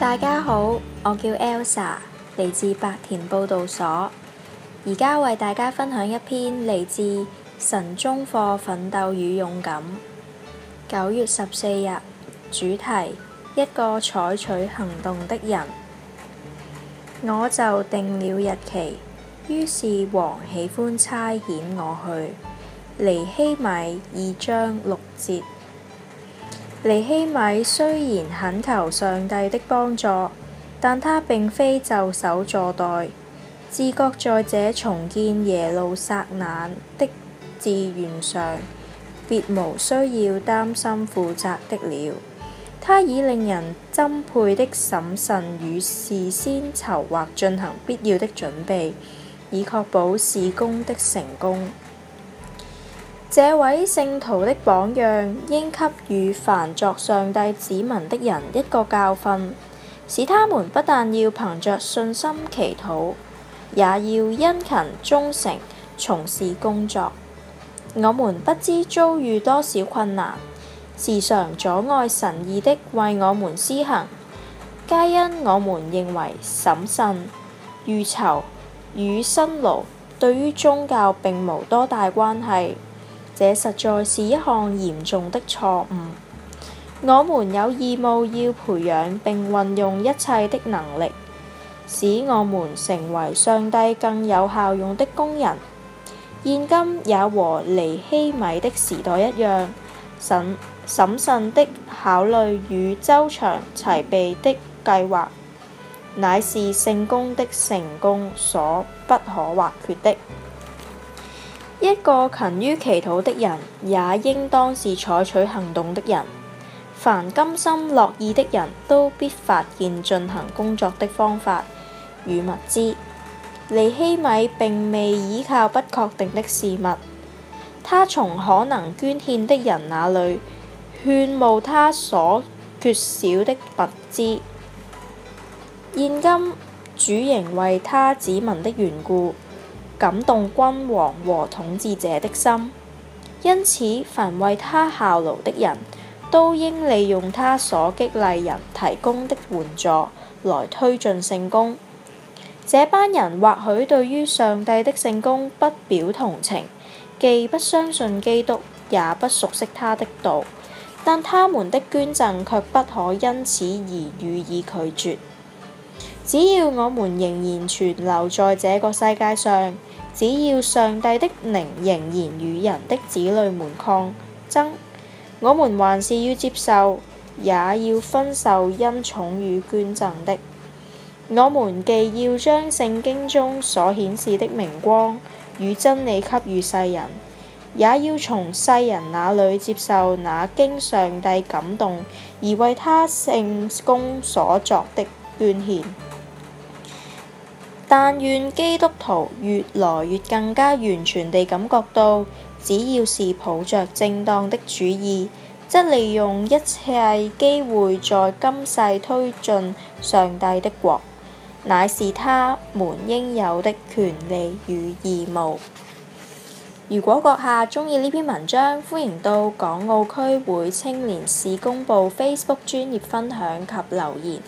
大家好，我叫 Elsa，嚟自白田佈道所。而家為大家分享一篇嚟自神中課《奮鬥與勇敢》。九月十四日，主題：一個採取行動的人。我就定了日期，於是王喜歡差遣我去尼希米二章六節。尼希米雖然懇求上帝的幫助，但他並非就手坐待，自覺在這重建耶路撒冷的志願上，別無需要擔心負責的了。他以令人欽佩的審慎與事先籌劃進行必要的準備，以確保事工的成功。這位聖徒的榜樣，應給予凡作上帝子民的人一個教訓，使他們不但要憑着信心祈禱，也要殷勤忠誠從事工作。我們不知遭遇多少困難，時常阻礙神意的為我們施行，皆因我們認為審慎、預籌與辛勞對於宗教並無多大關係。這實在是一項嚴重的錯誤。我們有義務要培養並運用一切的能力，使我們成為上帝更有效用的工人。現今也和尼希米的時代一樣，審，審慎的考慮與周詳齊備的計劃，乃是成功的成功所不可或缺的。一個勤於祈禱的人，也應當是採取行動的人。凡甘心樂意的人，都必發現進行工作的方法與物資。尼希米並未依靠不確定的事物，他從可能捐獻的人那裏勸募他所缺少的物資。現今主仍為他指明的緣故，感動君王和統治者的心，因此凡為他效勞的人都應利用他所激勵人提供的援助，來推進聖工。這班人或許對於上帝的聖工不表同情，既不相信基督，也不熟悉他的道，但他們的捐贈卻不可因此而予以拒絕。只要我們仍然存留在這個世界上，只要上帝的靈仍然與人的子女們抗爭，我們還是要接受，也要分受恩寵與捐贈的。我們既要將聖經中所顯示的明光與真理給予世人，也要從世人那裏接受那經上帝感動而為他聖工所作的捐獻。但願基督徒越來越更加完全地感覺到，只要是抱着正當的主意，則利用一切機會在今世推進上帝的國，乃是他們應有的權利與義務。如果閣下鍾意呢篇文章，歡迎到港澳區會青年事工部 Facebook 專頁分享及留言。